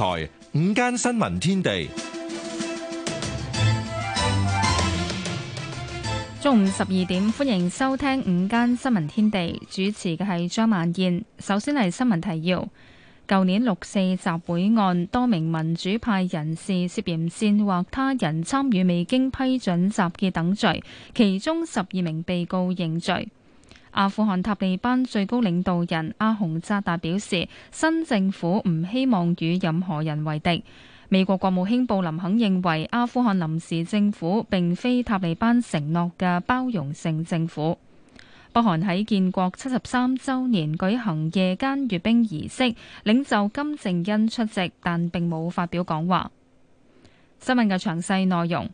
台午間新聞天地，中午十二點，歡迎收聽午間新聞天地。主持嘅係張曼燕。首先係新聞提要：舊年六四集會案，多名民主派人士涉嫌煽惑他人參與未經批准集結等罪，其中十二名被告認罪。阿富汗塔利班最高領導人阿洪扎達表示，新政府唔希望與任何人為敵。美國國務卿布林肯認為阿富汗臨時政府並非塔利班承諾嘅包容性政府。北韓喺建國七十三周年舉行夜間閱兵儀式，領袖金正恩出席，但並冇發表講話。新聞嘅詳細內容。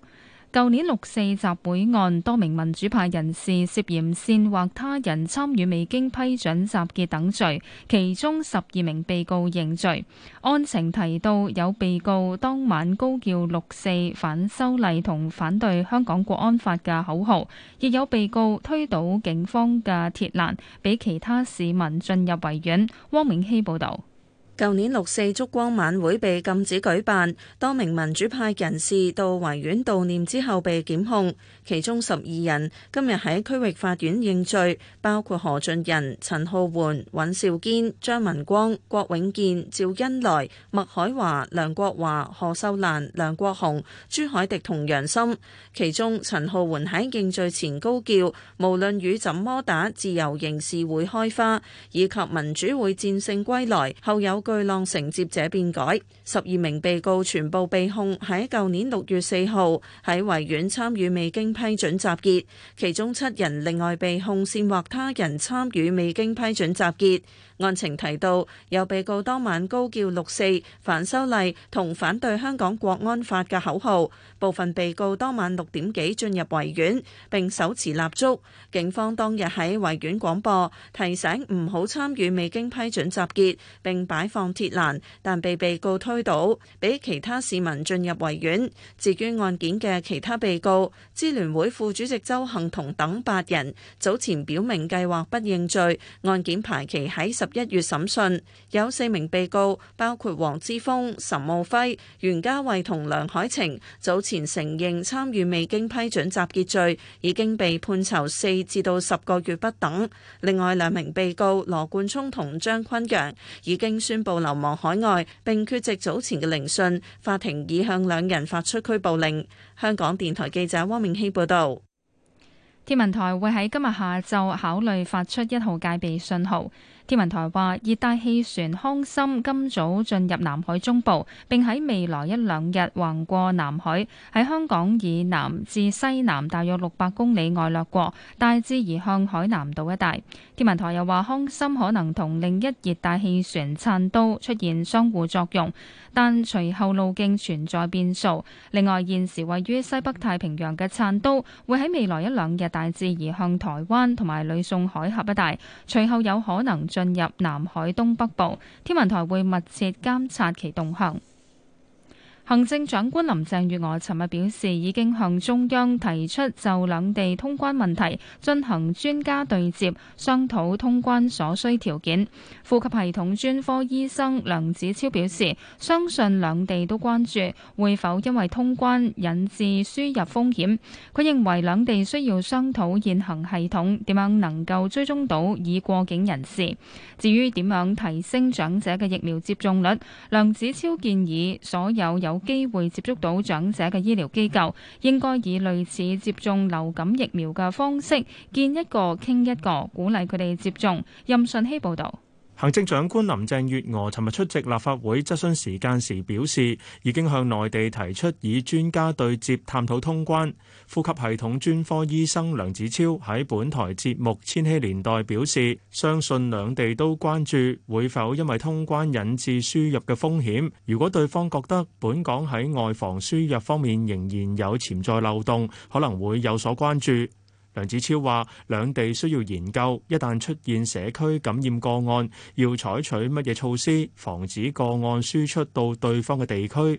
舊年六四集會案，多名民主派人士涉嫌煽惑他人參與未經批准集結等罪，其中十二名被告認罪。案情提到，有被告當晚高叫“六四反修例”同反對香港國安法嘅口號，亦有被告推倒警方嘅鐵欄，俾其他市民進入維園。汪永熙報道。舊年六四燭光晚會被禁止舉辦，多名民主派人士到維園悼念之後被檢控，其中十二人今日喺區域法院認罪，包括何俊仁、陳浩桓、尹兆堅、張文光、郭永健、趙恩來、麥海華、梁國華、何秀蘭、梁國雄、朱凱迪同楊森。其中陳浩桓喺認罪前高叫：無論雨怎麼打，自由仍是會開花，以及民主會戰勝歸來。後有巨浪承接者變改，十二名被告全部被控喺舊年六月四號喺維園參與未經批准集結，其中七人另外被控煽惑他人參與未經批准集結。案情提到，有被告當晚高叫六四反修例同反對香港國安法嘅口號，部分被告當晚六點幾進入維園並手持蠟燭，警方當日喺維園廣播提醒唔好參與未經批准集結並擺放鐵欄，但被被告推倒，俾其他市民進入維園。至於案件嘅其他被告，支聯會副主席鄒幸彤等八人早前表明計劃不認罪。案件排期喺十。一月審訊，有四名被告，包括黃之峰、岑霧輝、袁家慧同梁海晴，早前承認參與未經批准集結罪，已經被判囚四至到十個月不等。另外兩名被告羅冠聰同張坤陽已經宣布流亡海外，並缺席早前嘅聆訊。法庭已向兩人發出拘捕令。香港電台記者汪明希報道。天文台會喺今日下晝考慮發出一號戒備信號。天文台話熱帶氣旋康森今早進入南海中部，並喺未來一兩日橫過南海，喺香港以南至西南大約六百公里外掠過，大致移向海南島一帶。天文台又話康森可能同另一熱帶氣旋燦都出現相互作用，但隨後路徑存在變數。另外現時位於西北太平洋嘅燦都會喺未來一兩日大致移向台灣同埋呂宋海峽一帶，隨後有可能進入南海東北部，天文台會密切監察其動向。行政長官林鄭月娥尋日表示，已經向中央提出就兩地通關問題進行專家對接，商討通關所需條件。呼吸系統專科醫生梁子超表示，相信兩地都關注會否因為通關引致輸入風險。佢認為兩地需要商討現行系統點樣能夠追蹤到已過境人士。至於點樣提升長者嘅疫苗接種率，梁子超建議所有有機會接觸到長者嘅醫療機構，應該以類似接種流感疫苗嘅方式，見一個傾一個，鼓勵佢哋接種。任信希報道。行政長官林鄭月娥尋日出席立法會質詢時間時表示，已經向內地提出以專家對接探討通關。呼吸系統專科醫生梁子超喺本台節目《千禧年代》表示，相信兩地都關注會否因為通關引致輸入嘅風險。如果對方覺得本港喺外防輸入方面仍然有潛在漏洞，可能會有所關注。梁子超話：兩地需要研究，一旦出現社區感染個案，要採取乜嘢措施，防止個案輸出到對方嘅地區。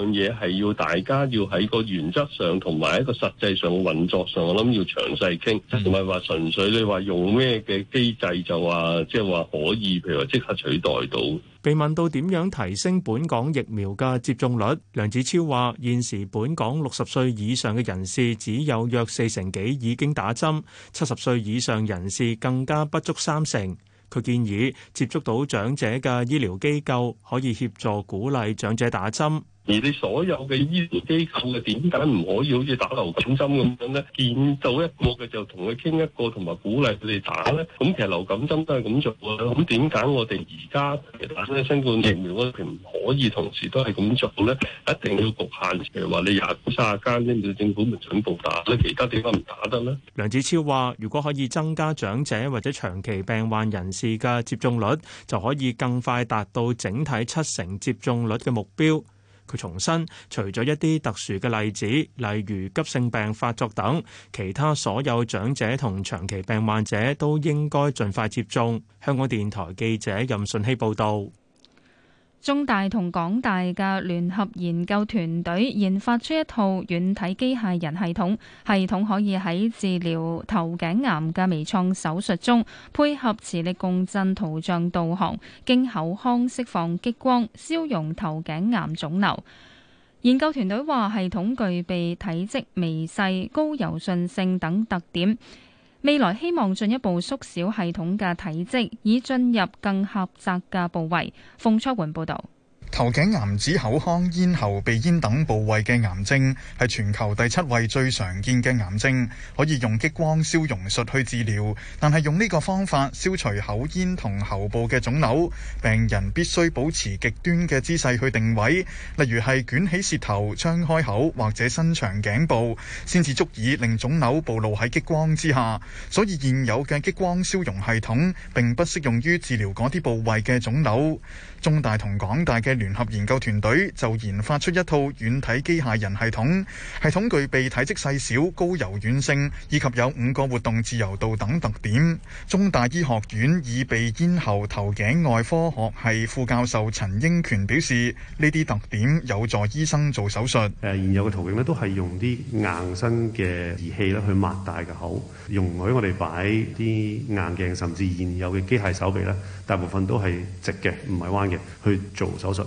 樣嘢係要大家要喺個原則上同埋一個實際上運作上，我諗要詳細傾，唔係話純粹你話用咩嘅機制就話即係話可以，譬如話即刻取代到。被問到點樣提升本港疫苗嘅接種率，梁子超話：現時本港六十歲以上嘅人士只有約四成幾已經打針，七十歲以上人士更加不足三成。佢建議接觸到長者嘅醫療機構可以協助鼓勵長者打針。而你所有嘅醫療機構嘅點解唔可以好似打流感針咁樣咧？見到一個嘅就同佢傾一個同埋鼓勵佢哋打咧。咁其實流感針都係咁做啊。咁點解我哋而家打咧新冠疫苗我哋唔可以同時都係咁做咧？一定要局限，譬如話，你廿三廿間咧，政府咪准部打咧，其他地方唔打得咧。梁子超話，如果可以增加長者或者長期病患人士嘅接種率，就可以更快達到整體七成接種率嘅目標。佢重申，除咗一啲特殊嘅例子，例如急性病發作等，其他所有長者同長期病患者都應該盡快接種，香港電台記者任順希報道。中大同港大嘅聯合研究團隊研發出一套軟體機械人系統，系統可以喺治療頭頸癌嘅微創手術中，配合磁力共振圖像導航，經口腔釋放激光消融頭頸癌腫瘤。研究團隊話，系統具備體積微細、高柔順性等特點。未來希望進一步縮小系統嘅體積，以進入更狹窄嘅部位。馮卓桓報導。頭頸癌指口腔、咽喉、鼻咽等部位嘅癌症，係全球第七位最常見嘅癌症，可以用激光消融術去治療。但係用呢個方法消除口咽同喉部嘅腫瘤，病人必須保持極端嘅姿勢去定位，例如係捲起舌頭、張開口或者伸長頸部，先至足以令腫瘤暴露喺激光之下。所以現有嘅激光消融系統，並不適用於治療嗰啲部位嘅腫瘤。中大同港大嘅聯合研究團隊就研發出一套軟體機械人系統系統，具備體積細小、高柔軟性以及有五個活動自由度等特點，中大醫學院耳鼻咽喉頭頸外科學系副教授陳英權表示：呢啲特點有助醫生做手術誒，現有嘅途徑咧，都係用啲硬身嘅儀器咧去擘大個口，容許我哋擺啲硬鏡甚至現有嘅機械手臂咧，大部分都係直嘅，唔係彎嘅去做手術。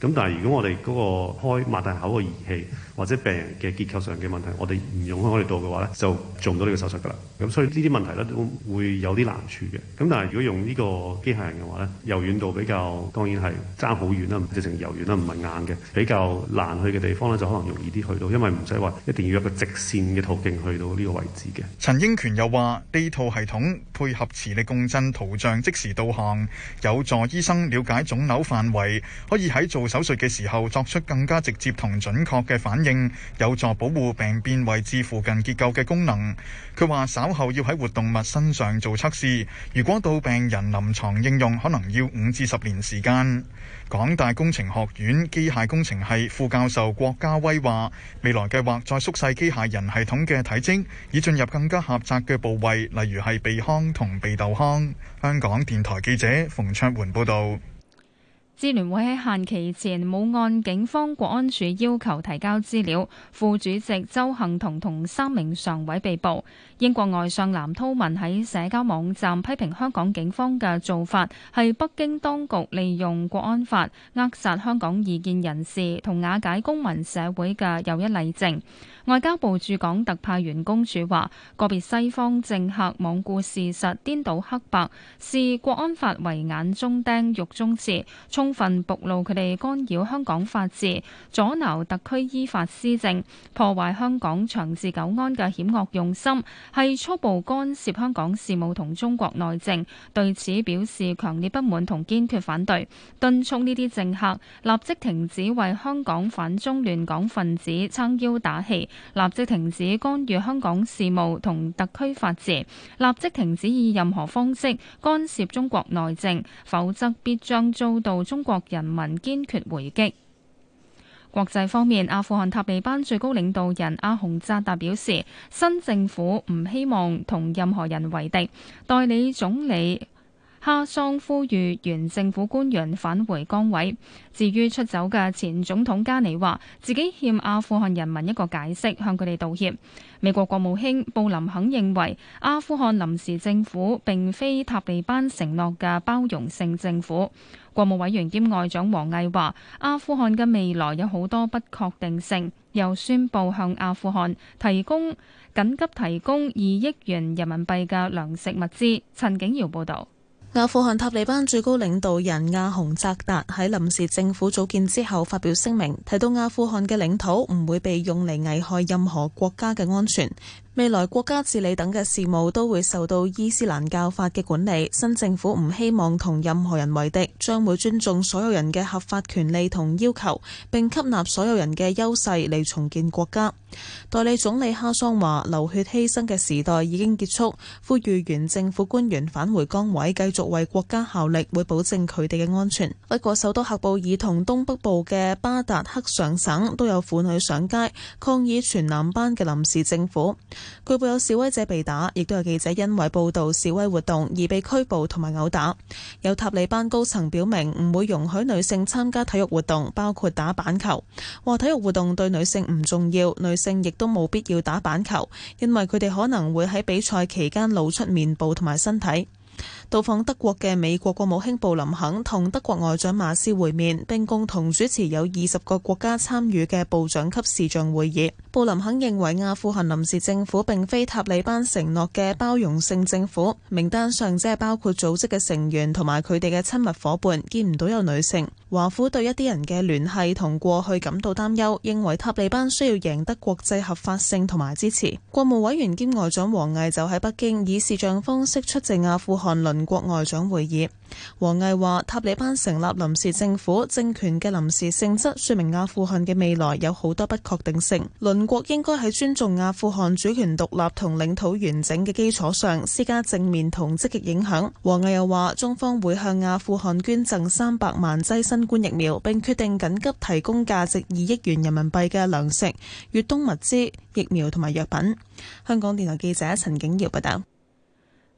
咁但係如果我哋嗰個開擘大口嘅儀器，或者病人嘅結構上嘅問題，我哋唔用開我哋度嘅話咧，就做唔到呢個手術噶啦。咁所以呢啲問題咧都會有啲難處嘅。咁但係如果用呢個機械人嘅話咧，柔軟度比較當然係爭好遠啦，唔直成柔軟啦，唔係硬嘅，比較難去嘅地方咧就可能容易啲去到，因為唔使話一定要有一個直線嘅途徑去到呢個位置嘅。陳英權又話：地圖系統配合磁力共振圖像即時導航，有助醫生了解腫瘤範圍，可以喺做手術嘅時候作出更加直接同準確嘅反應，有助保護病變位置附近結構嘅功能。佢話稍後要喺活動物身上做測試，如果到病人臨牀應用，可能要五至十年時間。港大工程學院機械工程系副教授郭家威話，未來計劃再縮細機械人系統嘅體積，以進入更加狹窄嘅部位，例如係鼻腔同鼻竇腔。香港電台記者馮卓桓報道。支聯會喺限期前冇按警方國安署要求提交資料，副主席鄒幸彤同三名常委被捕。英國外相藍韜文喺社交網站批評香港警方嘅做法係北京當局利用國安法扼殺香港異見人士同瓦解公民社會嘅又一例證。外交部駐港特派員公署話：個別西方政客罔顧事實、顛倒黑白，視國安法為眼中釘、肉中刺，充充分暴露佢哋干擾香港法治、阻撓特區依法施政、破壞香港長治久安嘅險惡用心，係粗暴干涉香港事務同中國內政，對此表示強烈不滿同堅決反對。敦促呢啲政客立即停止為香港反中亂港分子撐腰打氣，立即停止干預香港事務同特區法治，立即停止以任何方式干涉中國內政，否則必將遭到中中國人民堅決回擊。國際方面，阿富汗塔利班最高領導人阿洪扎達表示，新政府唔希望同任何人為敵。代理總理哈桑呼籲原政府官員返回崗位。至於出走嘅前總統加尼話，自己欠阿富汗人民一個解釋，向佢哋道歉。美國國務卿布林肯認為阿富汗臨時政府並非塔利班承諾嘅包容性政府。國務委員兼外長王毅話：阿富汗嘅未來有好多不確定性，又宣布向阿富汗提供緊急提供二億元人民幣嘅糧食物資。陳景堯報道。阿富汗塔利班最高領導人阿洪扎達喺臨時政府組建之後發表聲明，提到阿富汗嘅領土唔會被用嚟危害任何國家嘅安全，未來國家治理等嘅事務都會受到伊斯蘭教法嘅管理。新政府唔希望同任何人為敵，將會尊重所有人嘅合法權利同要求，並吸納所有人嘅優勢嚟重建國家。代理總理哈桑話：流血犧牲嘅時代已經結束，呼籲原政府官員返回崗位，繼續為國家效力，會保證佢哋嘅安全。不過，首都喀布爾同東北部嘅巴達克尚省都有婦女上街抗議全男班嘅臨時政府。據報有示威者被打，亦都有記者因為報道示威活動而被拘捕同埋毆打。有塔利班高層表明唔會容許女性參加體育活動，包括打板球，話體育活動對女性唔重要。女性亦都冇必要打板球，因為佢哋可能會喺比賽期間露出面部同埋身體。到訪德國嘅美國國務卿布林肯同德國外長馬斯會面，並共同主持有二十個國家參與嘅部長級視像會議。布林肯認為阿富汗臨時政府並非塔利班承諾嘅包容性政府，名單上只係包括組織嘅成員同埋佢哋嘅親密夥伴，見唔到有女性。華府對一啲人嘅聯繫同過去感到擔憂，認為塔利班需要贏得國際合法性同埋支持。國務委員兼外長王毅就喺北京以視像方式出席阿富汗。韓鄰國外長會議，王毅話塔利班成立臨時政府，政權嘅臨時性質，說明阿富汗嘅未來有好多不確定性。鄰國應該喺尊重阿富汗主權獨立同領土完整嘅基礎上，施加正面同積極影響。王毅又話中方會向阿富汗捐贈三百萬劑新冠疫苗，並決定緊急提供價值二億元人民幣嘅糧食、越冬物資、疫苗同埋藥品。香港電台記者陳景耀報道。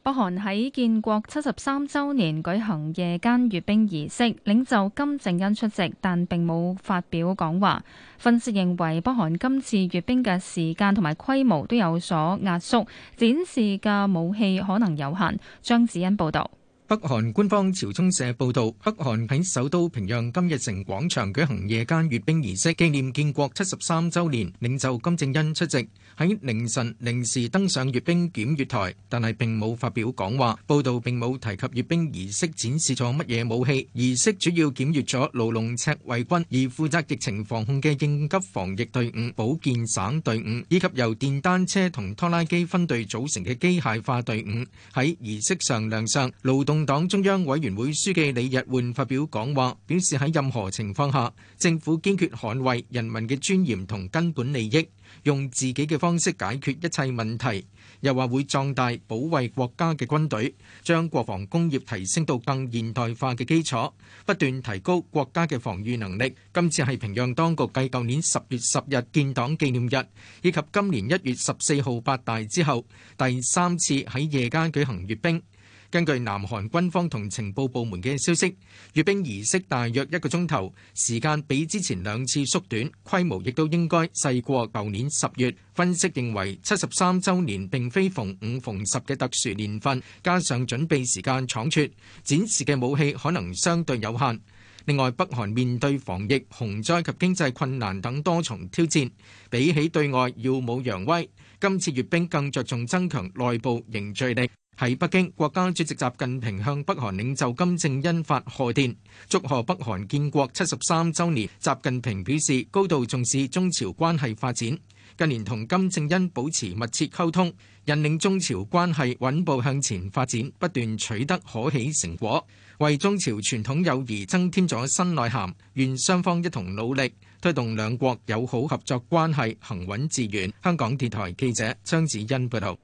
北韓喺建國七十三週年舉行夜間閱兵儀式，領袖金正恩出席，但並冇發表講話。分析認為，北韓今次閱兵嘅時間同埋規模都有所壓縮，展示嘅武器可能有限。張子欣報導。北韓官方朝中社報道，北韓喺首都平壤金日成廣場舉行夜間閱兵儀式，紀念建國七十三週年。領袖金正恩出席，喺凌晨零時登上閱兵檢閱台，但係並冇發表講話。報道並冇提及閱兵儀式展示咗乜嘢武器。儀式主要檢閱咗勞動赤衛軍，而負責疫情防控嘅應急防疫隊伍、保健省隊伍，以及由電單車同拖拉機分隊組成嘅機械化隊伍喺儀式上亮相。勞動黨中央委員會書記李日煥發表講話，表示喺任何情況下，政府堅決捍衛人民嘅尊嚴同根本利益，用自己嘅方式解決一切問題。又話會壯大保衛國家嘅軍隊，將國防工業提升到更現代化嘅基礎，不斷提高國家嘅防禦能力。今次係平壤當局繼舊年十月十日建黨紀念日以及今年一月十四號八大之後第三次喺夜間舉行閱兵。根據南韓軍方同情報部門嘅消息，閱兵儀式大約一個鐘頭，時間比之前兩次縮短，規模亦都應該細過舊年十月。分析認為，七十三週年並非逢五逢十嘅特殊年份，加上準備時間倉促，展示嘅武器可能相對有限。另外，北韓面對防疫、洪災及經濟困難等多重挑戰，比起對外耀武揚威，今次閱兵更着重增強內部凝聚力。喺北京，國家主席習近平向北韓領袖金正恩發賀電，祝賀北韓建國七十三週年。習近平表示，高度重視中朝關係發展，近年同金正恩保持密切溝通，引領中朝關係穩步向前發展，不斷取得可喜成果，為中朝傳統友誼增添咗新內涵。願雙方一同努力，推動兩國友好合作關係行穩致遠。香港電台記者張子欣報導。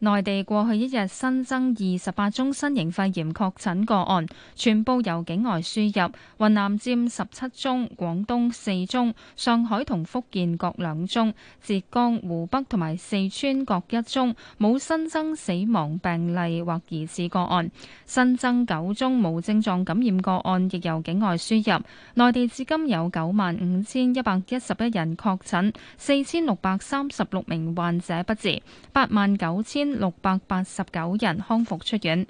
內地過去一日新增二十八宗新型肺炎確診個案，全部由境外輸入。雲南佔十七宗，廣東四宗，上海同福建各兩宗，浙江、湖北同埋四川各一宗，冇新增死亡病例或疑似個案。新增九宗無症狀感染個案亦由境外輸入。內地至今有九萬五千一百一十一人確診，四千六百三十六名患者不治，八萬九千。六百八十九人康復出院。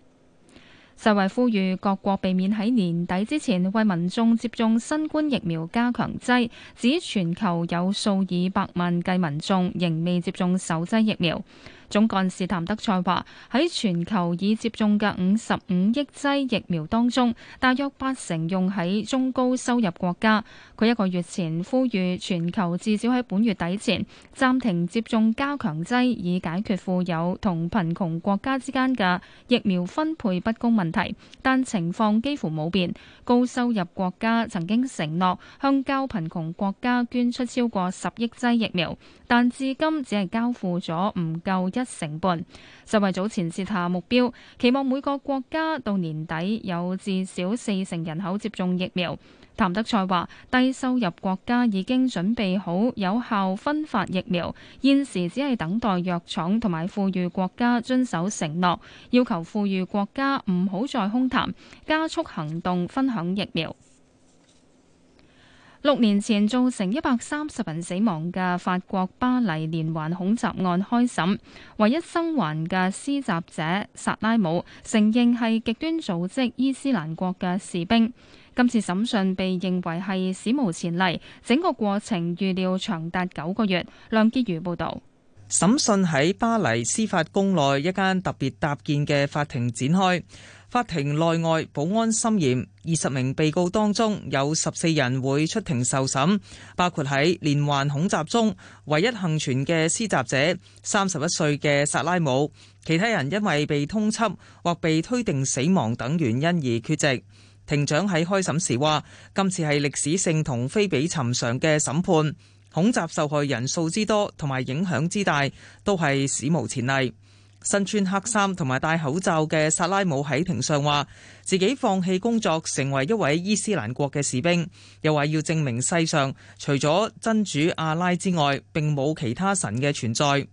世衛呼籲各國避免喺年底之前為民眾接種新冠疫苗加強劑，指全球有數以百萬計民眾仍未接種首劑疫苗。總幹事譚德塞話：喺全球已接種嘅五十五億劑疫苗當中，大約八成用喺中高收入國家。佢一個月前呼籲全球至少喺本月底前暫停接種加強劑，以解決富有同貧窮國家之間嘅疫苗分配不公問題。但情況幾乎冇變，高收入國家曾經承諾向較貧窮國家捐出超過十億劑疫苗，但至今只係交付咗唔夠一成半，就為早前設下目標，期望每個國家到年底有至少四成人口接種疫苗。譚德塞話，低收入國家已經準備好有效分發疫苗，現時只係等待藥廠同埋富裕國家遵守承諾，要求富裕國家唔好再空談，加速行動，分享疫苗。六年前造成一百三十人死亡嘅法國巴黎連環恐襲案開審，唯一生還嘅施襲者薩拉姆承認係極端組織伊斯蘭國嘅士兵。今次審訊被認為係史無前例，整個過程預料長達九個月。梁傑如報道，審訊喺巴黎司法宮內一間特別搭建嘅法庭展開。法庭內外保安森嚴，二十名被告當中有十四人會出庭受審，包括喺連環恐襲中唯一幸存嘅施襲者三十一歲嘅薩拉姆。其他人因為被通緝或被推定死亡等原因而缺席。庭長喺開審時話：今次係歷史性同非比尋常嘅審判，恐襲受害人數之多同埋影響之大，都係史無前例。身穿黑衫同埋戴口罩嘅薩拉姆喺庭上話，自己放棄工作，成為一位伊斯蘭國嘅士兵，又話要證明世上除咗真主阿拉之外並冇其他神嘅存在。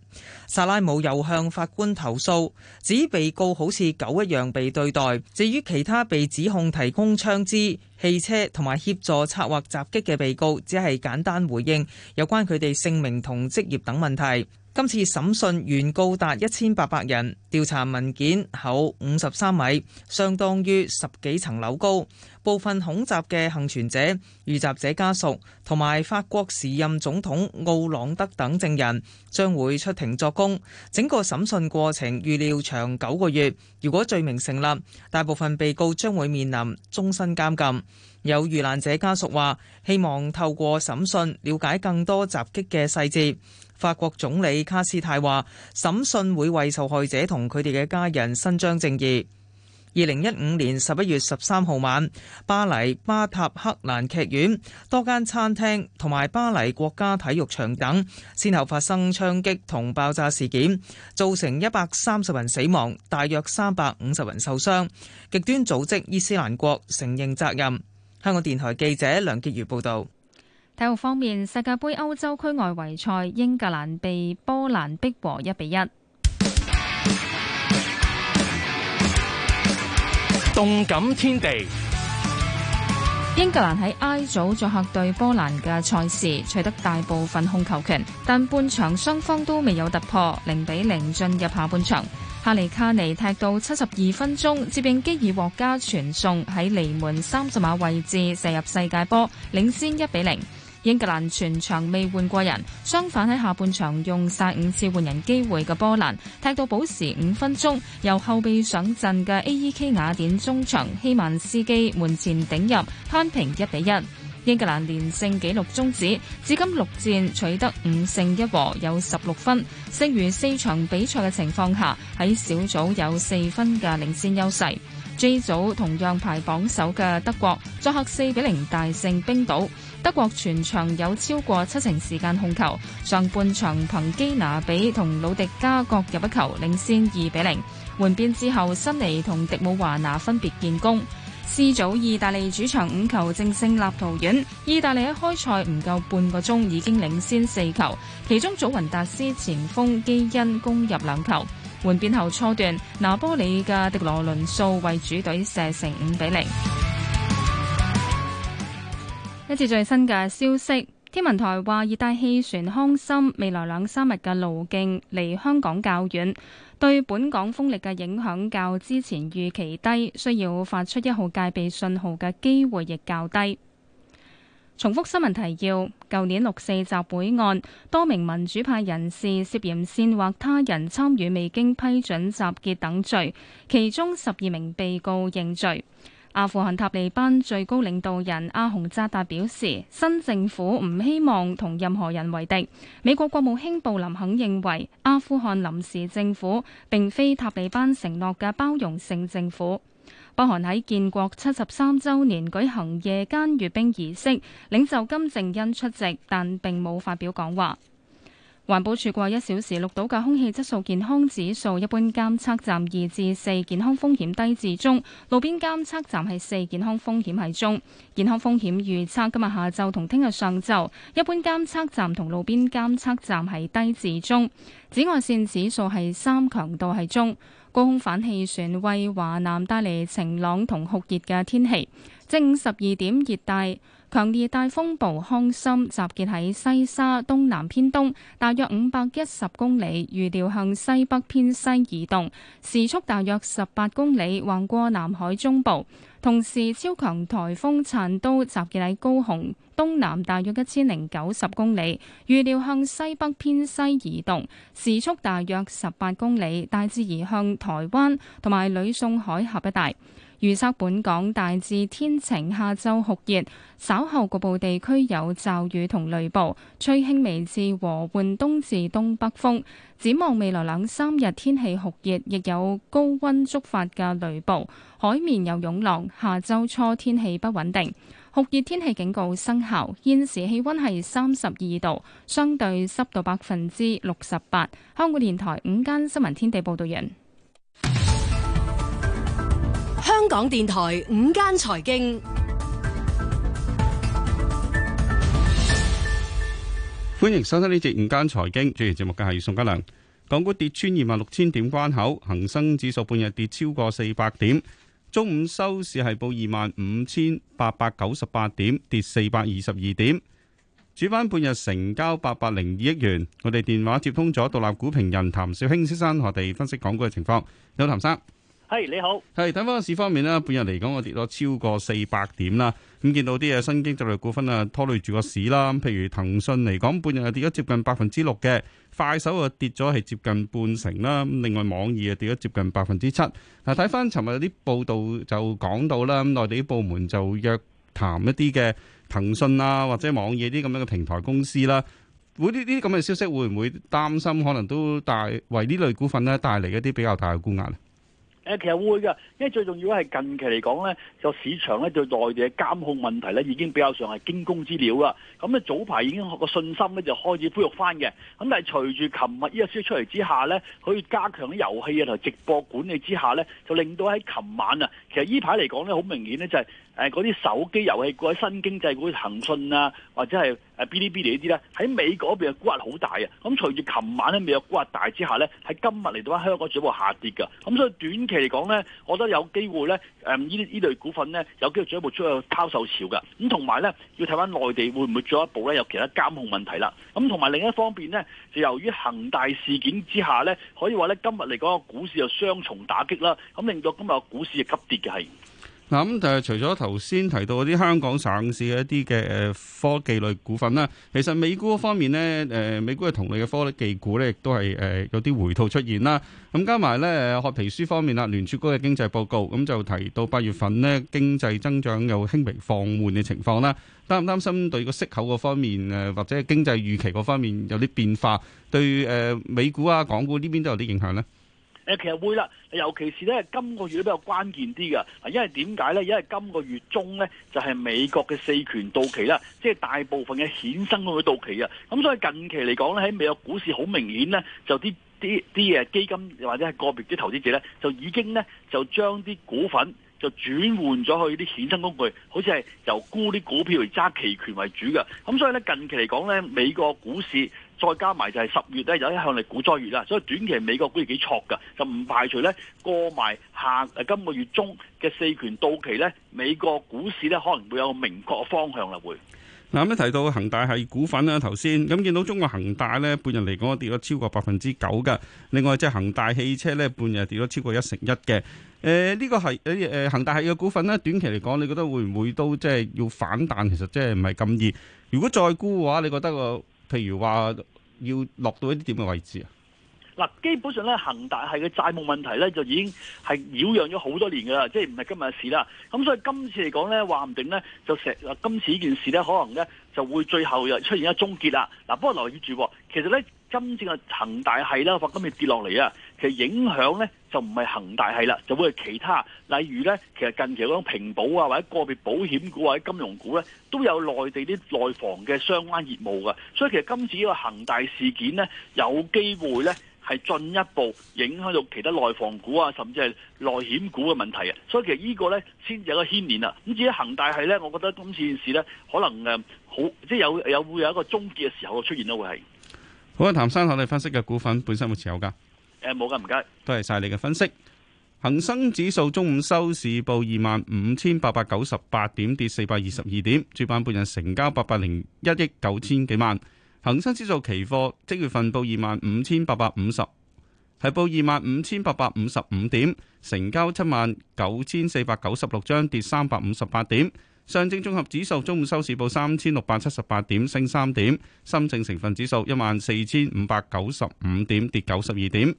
薩拉姆又向法官投訴，指被告好似狗一樣被對待。至於其他被指控提供槍支、汽車同埋協助策劃襲擊嘅被告，只係簡單回應有關佢哋姓名同職業等問題。今次審訊原告達一千八百人，調查文件厚五十三米，相當於十幾層樓高。部分恐襲嘅幸存者、遇襲者家屬同埋法國時任總統奧朗德等證人將會出庭作供。整個審訊過程預料長九個月。如果罪名成立，大部分被告將會面臨終身監禁。有遇難者家屬話：希望透過審訊了解更多襲擊嘅細節。法國總理卡斯泰話：審訊會為受害者同佢哋嘅家人伸張正義。二零一五年十一月十三號晚，巴黎巴塔克蘭劇院、多間餐廳同埋巴黎國家體育場等先後發生槍擊同爆炸事件，造成一百三十人死亡，大約三百五十人受傷。極端組織伊斯蘭國承認責任。香港電台記者梁潔如報道。體育方面，世界杯歐洲區外圍賽，英格蘭被波蘭逼和，一比一。動感天地，英格蘭喺 I 組作客對波蘭嘅賽事，取得大部分控球權，但半場雙方都未有突破，零比零進入下半場。哈利卡尼踢到七十二分鐘，接應基爾獲加傳送，喺離門三十碼位置射入世界波，領先一比零。英格蘭全場未換過人，相反喺下半場用晒五次換人機會嘅波蘭踢到補時五分鐘，由後備上陣嘅 A.E.K. 雅典中場希曼斯基門前頂入，攀平一比一。英格蘭連勝紀錄中止，至今六戰取得五勝一和，有十六分，剩餘四場比賽嘅情況下，喺小組有四分嘅領先優勢。J 組同樣排榜首嘅德國作客四比零大勝冰島。德國全場有超過七成時間控球，上半場憑基拿比同魯迪加各入一球，領先二比零。換邊之後，辛尼同迪姆華拿分別建功。C 組意大利主場五球正勝立陶宛，意大利喺開賽唔夠半個鐘已經領先四球，其中祖雲達斯前鋒基恩攻入兩球。換邊後初段，拿波里嘅迪羅倫素為主隊射成五比零。一次最新嘅消息，天文台話熱帶氣旋康森未來兩三日嘅路徑離香港較遠，對本港風力嘅影響較之前預期低，需要發出一號戒備信號嘅機會亦較低。重複新聞提要：舊年六四集會案，多名民主派人士涉嫌煽惑他人參與未經批准集結等罪，其中十二名被告認罪。阿富汗塔利班最高領導人阿洪扎達表示，新政府唔希望同任何人為敵。美國國務卿布林肯認為阿富汗臨時政府並非塔利班承諾嘅包容性政府。北韓喺建國七十三周年舉行夜間閱兵儀式，領袖金正恩出席，但並冇發表講話。環保署過，一小時錄到嘅空氣質素健康指數，一般監測站二至四，健康風險低至中；路邊監測站係四，健康風險係中。健康風險預測今日下晝同聽日上晝，一般監測站同路邊監測站係低至中。紫外線指數係三，強度係中。高空反氣旋為華南帶嚟晴朗同酷熱嘅天氣。正十二點熱帶，熱帶。強烈大風暴康森集結喺西沙東南偏東，大約五百一十公里，預料向西北偏西移動，時速大約十八公里，橫過南海中部。同時，超強颱風燦都集結喺高雄東南，大約一千零九十公里，預料向西北偏西移動，時速大約十八公里，大致移向台灣同埋呂宋海峽一帶。預測本港大致天晴，下周酷熱，稍後局部地區有驟雨同雷暴，吹輕微至和緩東至東北風。展望未來兩三日天氣酷熱，亦有高温觸發嘅雷暴，海面有涌浪。下周初天氣不穩定，酷熱天氣警告生效。現時氣温係三十二度，相對濕度百分之六十八。香港電台午間新聞天地報道完。香港電台午間財經，歡迎收聽呢節午間財經。主持節目嘅係宋家良。港股跌穿二萬六千點關口，恒生指數半日跌超過四百點，中午收市係報二萬五千八百九十八點，跌四百二十二點。主板半日成交八百零二億元。我哋電話接通咗獨立股評人譚少卿先生，我哋分析港股嘅情況。有譚生。係、hey, 你好，係睇翻個市方面咧，半日嚟講，我跌咗超過四百點啦。咁見到啲嘢，新經濟類股份啊，拖累住個市啦。譬如騰訊嚟講，半日係跌咗接近百分之六嘅，快手啊跌咗係接近半成啦。另外網易啊跌咗接近百分之七。嗱，睇翻尋日啲報道就講到啦，咁內地啲部門就約談一啲嘅騰訊啊或者網易啲咁樣嘅平台公司啦。會呢呢啲咁嘅消息會唔會擔心，可能都帶為呢類股份咧帶嚟一啲比較大嘅沽壓咧？誒其實會㗎，因為最重要咧係近期嚟講咧，就市場咧對內地嘅監控問題咧已經比較上係驚弓之鳥啦。咁咧早排已經個信心咧就開始恢復翻嘅。咁但係隨住琴日呢個消息出嚟之下咧，可以加強啲遊戲啊、同埋直播管理之下咧，就令到喺琴晚啊，其實依排嚟講咧，好明顯咧就係誒嗰啲手機遊戲股、新經濟股、騰訊啊，或者係。嗶哩嗶哩呢啲咧喺美國嗰邊嘅沽壓好大啊！咁隨住琴晚喺美嘅沽壓大之下咧，喺今日嚟到香港主步下跌嘅，咁所以短期嚟講咧，我覺得有機會咧，誒呢呢類股份咧有機會進一步出去拋售潮嘅。咁同埋咧，要睇翻內地會唔會進一步咧有其他監控問題啦。咁同埋另一方面咧，就由於恒大事件之下咧，可以話咧今日嚟講個股市又雙重打擊啦，咁令到今日嘅股市亦急跌嘅。嗱，咁誒，除咗頭先提到嗰啲香港上市嘅一啲嘅誒科技類股份啦，其實美股方面呢，誒美股嘅同類嘅科技股咧，亦都係誒有啲回吐出現啦。咁加埋咧，褐皮書方面啦，聯儲局嘅經濟報告咁就提到八月份呢，經濟增長又輕微放緩嘅情況啦。擔唔擔心對個息口嗰方面誒，或者經濟預期嗰方面有啲變化，對誒美股啊、港股呢邊都有啲影響呢？誒，其實會啦，尤其是咧，今個月都比較關鍵啲嘅，因為點解咧？因為今個月中咧，就係美國嘅四權到期啦，即係大部分嘅衍生工具到期啊。咁所以近期嚟講咧，喺美國股市好明顯咧，就啲啲啲基金或者係個別啲投資者咧，就已經咧就將啲股份就轉換咗去啲衍生工具，好似係由沽啲股票嚟揸期權為主嘅。咁所以咧近期嚟講咧，美國股市。再加埋就係十月咧，有一向嚟股災月啦，所以短期美國股幾挫噶，就唔排除咧過埋下、呃、今個月中嘅四權到期咧，美國股市咧可能會有個明確方向啦，會嗱咁一提到恒大係股份咧，頭先咁見到中國恒大咧，半日嚟講跌咗超過百分之九嘅，另外即係恒大汽車咧，半日跌咗超過一成一嘅，誒呢、呃這個係誒誒恒大係嘅股份呢，短期嚟講你覺得會唔會都即係要反彈？其實即係唔係咁易？如果再沽嘅話，你覺得個譬如話？要落到一啲點嘅位置啊？嗱，基本上咧，恒大系嘅債務問題咧，就已經係擾攘咗好多年噶啦，即係唔係今日嘅事啦。咁所以今次嚟講咧，話唔定咧，就成今次呢件事咧，可能咧就會最後又出現一終結啦。嗱，不過留意住，其實咧，今次嘅恒大係啦，話今次今跌落嚟啊。其影響咧就唔係恒大係啦，就會係其他，例如咧其實近期嗰種平保啊或者個別保險股或者金融股咧都有內地啲內房嘅相關業務㗎。所以其實今次呢個恒大事件咧有機會咧係進一步影響到其他內房股啊，甚至係內險股嘅問題，所以其實呢個咧先有個牽連啦，啊。咁至於恒大係咧，我覺得今次件事咧可能、嗯、好即係有有會有一個終結嘅時候出現咯，會係好啊，譚生，我哋分析嘅股份本身會持有噶。誒，冇㗎，唔該。多謝晒你嘅分析。恒生指數中午收市報二萬五千八百九十八點，跌四百二十二點。主板半日成交八百零一億九千幾萬。恒生指數期貨即月份 25, 50, 報二萬五千八百五十，係報二萬五千八百五十五點，成交七萬九千四百九十六張，跌三百五十八點。上證綜合指數中午收市報三千六百七十八點，升三點。深證成分指數一萬四千五百九十五點，跌九十二點。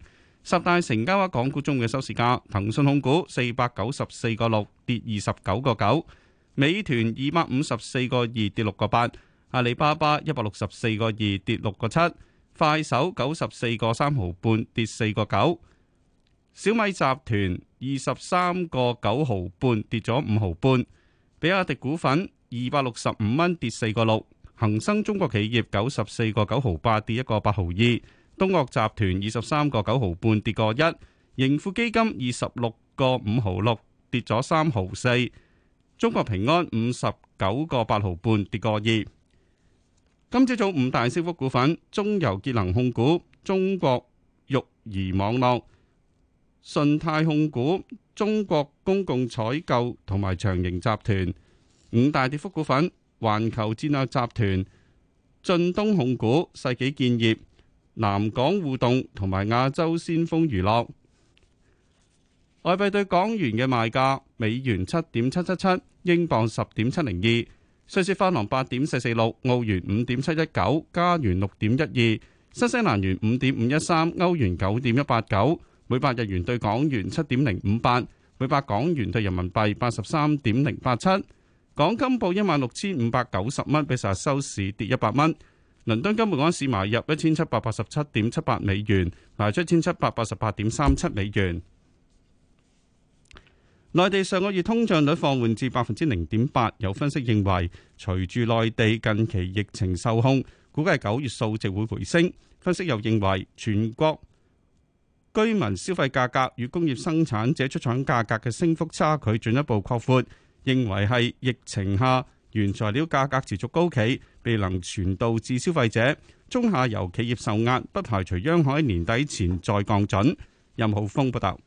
十大成交額港股中嘅收市價：騰訊控股四百九十四個六，跌二十九個九；美團二百五十四個二，跌六個八；阿里巴巴一百六十四個二，跌六個七；快手九十四個三毫半，跌四個九；小米集團二十三個九毫半，跌咗五毫半；比亞迪股份二百六十五蚊，跌四個六；恒生中國企業九十四個九毫八，跌一個八毫二。東岳集團二十三個九毫半跌過一，盈富基金二十六個五毫六跌咗三毫四，中國平安五十九個八毫半跌過二。今朝早五大升幅股份：中油節能控股、中國育兒網絡、信泰控股、中國公共採購同埋長盈集團；五大跌幅股份：環球戰略集團、晉東控股、世紀建業。南港互動同埋亞洲先鋒娛樂，外幣對港元嘅賣價：美元七點七七七，英鎊十點七零二，瑞士法郎八點四四六，澳元五點七一九，加元六點一二，新西蘭元五點五一三，歐元九點一八九，每百日元對港元七點零五八，每百港元對人民幣八十三點零八七。港金報一萬六千五百九十蚊，比成日收市跌一百蚊。倫敦金每安士買入一千七百八十七點七八美元，賣出一千七百八十八點三七美元。內地上個月通脹率放緩至百分之零點八，有分析認為，隨住內地近期疫情受控，估計九月數值會回升。分析又認為，全國居民消費價格與工業生產者出廠價格嘅升幅差距進一步擴闊，認為係疫情下。原材料價格持續高企，未能全導致消費者。中下游企業受壓，不排除央行年底前再降準。任浩峰報道。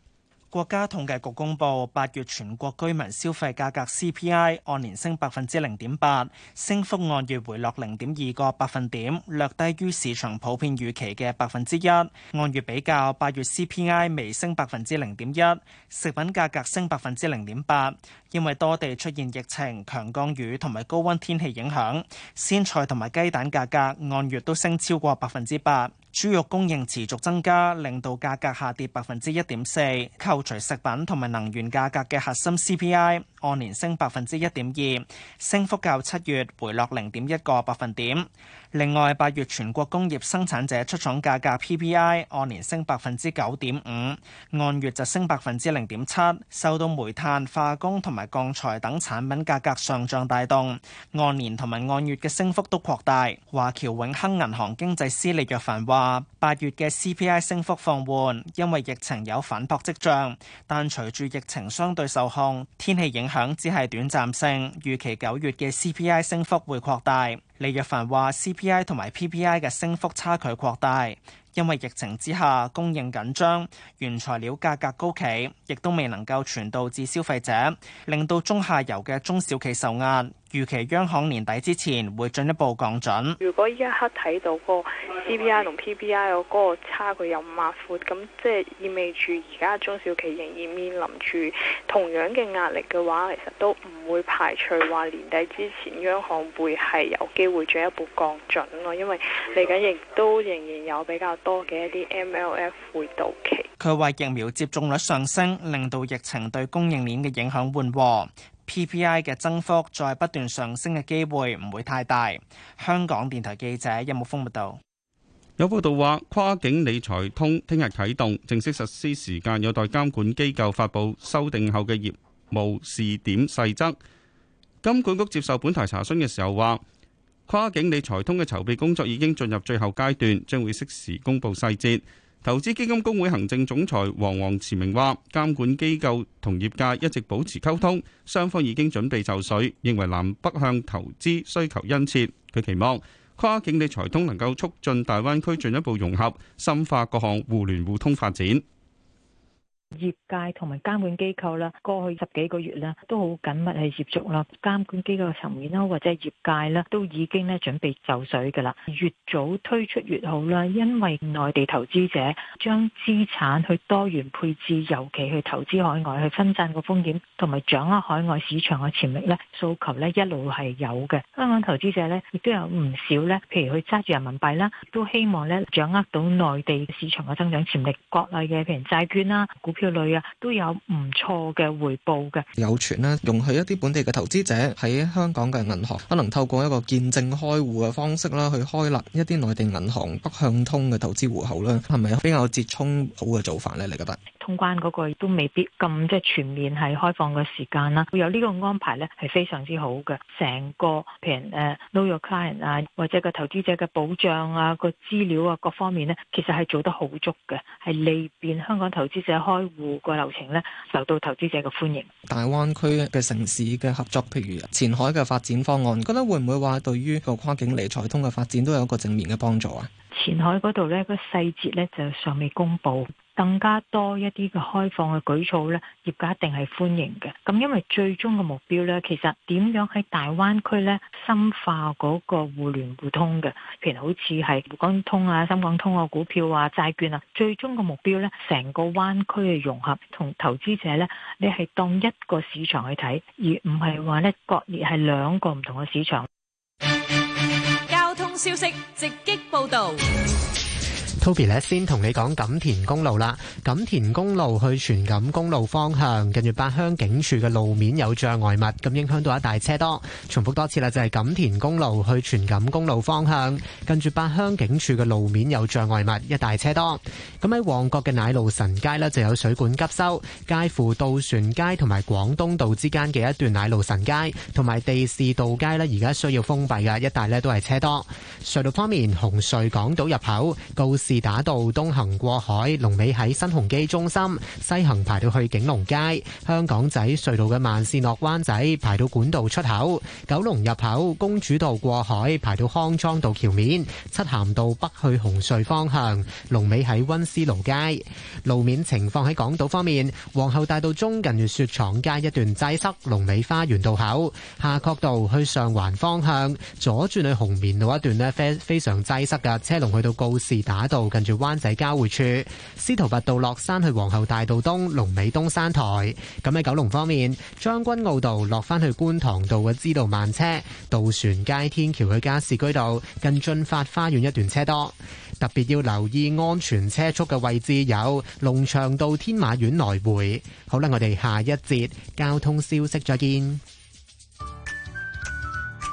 國家統計局公布八月全國居民消費價格 CPI 按年升百分之零點八，升幅按月回落零點二個百分點，略低於市場普遍預期嘅百分之一。按月比較，八月 CPI 微升百分之零點一，食品價格升百分之零點八，因為多地出現疫情、強降雨同埋高温天氣影響，鮮菜同埋雞蛋價格按月都升超過百分之八。豬肉供應持續增加，令到價格下跌百分之一點四。扣除食品同埋能源價格嘅核心 CPI，按年升百分之一點二，升幅較七月回落零點一個百分點。另外，八月全國工業生產者出廠價格 PPI 按年升百分之九點五，按月就升百分之零點七，受到煤炭、化工同埋鋼材等產品價格上漲帶動，按年同埋按月嘅升幅都擴大。華僑永亨銀行經濟師李若凡話，八月嘅 CPI 升幅放緩，因為疫情有反撲跡象，但隨住疫情相對受控，天氣影響只係短暫性，預期九月嘅 CPI 升幅會擴大。李若凡話：CPI 同埋 PPI 嘅升幅差距擴大，因為疫情之下供應緊張，原材料價格高企，亦都未能夠傳導至消費者，令到中下游嘅中小企受壓。預期央行年底之前會進一步降準。如果依一刻睇到個 CPI 同 PPI 有嗰個差距又咁闊，咁即係意味住而家中小企仍然面臨住同樣嘅壓力嘅話，其實都唔會排除話年底之前央行會係有機會進一步降準咯。因為嚟緊亦都仍然有比較多嘅一啲 MLF 會到期。佢話疫苗接種率上升，令到疫情對供應鏈嘅影響緩和。PPI 嘅增幅再不斷上升嘅機會唔會太大。香港電台記者任木峯報道。有報道話，跨境理財通聽日啟動，正式實施時間有待監管機構發佈修訂後嘅業務試點細則。金管局接受本台查詢嘅時候話，跨境理財通嘅籌備工作已經進入最後階段，將會適時公佈細節。投資基金公會行政總裁黃王慈明話：監管機構同業界一直保持溝通，雙方已經準備就緒，認為南北向投資需求殷切。佢期望跨境理財通能夠促進大灣區進一步融合、深化各項互聯互通發展。業界同埋監管機構啦，過去十幾個月啦，都好緊密去接觸啦。監管機構層面啦，或者業界啦，都已經咧準備就緒噶啦。越早推出越好啦，因為內地投資者將資產去多元配置，尤其去投資海外，去分散個風險，同埋掌握海外市場嘅潛力咧，訴求咧一路係有嘅。香港投資者咧亦都有唔少咧，譬如去揸住人民幣啦，都希望咧掌握到內地市場嘅增長潛力，國內嘅譬如債券啦、股。票類啊，都有唔錯嘅回報嘅。有傳咧，容許一啲本地嘅投資者喺香港嘅銀行，可能透過一個見證開戶嘅方式啦，去開立一啲內地銀行北向通嘅投資戶口啦，係咪比較折衷好嘅做法呢？你覺得？通關嗰個都未必咁即係全面係開放嘅時間啦，有呢個安排咧，係非常之好嘅。成個譬如，誒，new client 啊，Client，或者個投資者嘅保障啊，個資料啊各方面咧，其實係做得好足嘅，係利便香港投資者開戶個流程咧，受到投資者嘅歡迎。大灣區嘅城市嘅合作，譬如前海嘅發展方案，覺得會唔會話對於個跨境理財通嘅發展都有一個正面嘅幫助啊？前海嗰度咧個細節咧就尚未公布。更加多一啲嘅開放嘅舉措咧，業界一定係歡迎嘅。咁因為最終嘅目標咧，其實點樣喺大灣區咧深化嗰個互聯互通嘅，譬如好似係滬港通啊、深港通啊、股票啊、債券啊，最終嘅目標咧，成個灣區嘅融合同投資者咧，你係當一個市場去睇，而唔係話咧割裂係兩個唔同嘅市場。交通消息直擊報道。Toby 先同你講錦田公路啦，錦田公路去荃錦公路方向，跟住八鄉警處嘅路面有障礙物，咁影響到一大車多。重複多次啦，就係、是、錦田公路去荃錦公路方向，跟住八鄉警處嘅路面有障礙物，一大車多。咁喺旺角嘅奶路臣街呢就有水管急修，介乎渡船街同埋廣東道之間嘅一段奶路臣街同埋地士道街呢而家需要封閉嘅一帶呢都係車多。隧道方面，紅隧港島入口告示打道東行過海，龍尾喺新鴻基中心；西行排到去景隆街，香港仔隧道嘅慢線落灣仔排到管道出口；九龍入口公主道過海排到康莊道橋面；漆咸道北去紅隧方向，龍尾喺溫思勞街。路面情況喺港島方面，皇后大道中近月雪廠街一段擠塞，龍尾花園道口；下角道去上環方向左轉去紅棉路一段咧，非非常擠塞嘅車龍去到告士打道。道近住灣仔交匯處，司徒拔道落山去皇后大道東龍尾東山台。咁喺九龍方面，將軍澳道落翻去觀塘道嘅支道慢車，渡船街天橋去加士居道近駿發花園一段車多，特別要留意安全車速嘅位置有龍翔道天馬苑來回。好啦，我哋下一節交通消息再見。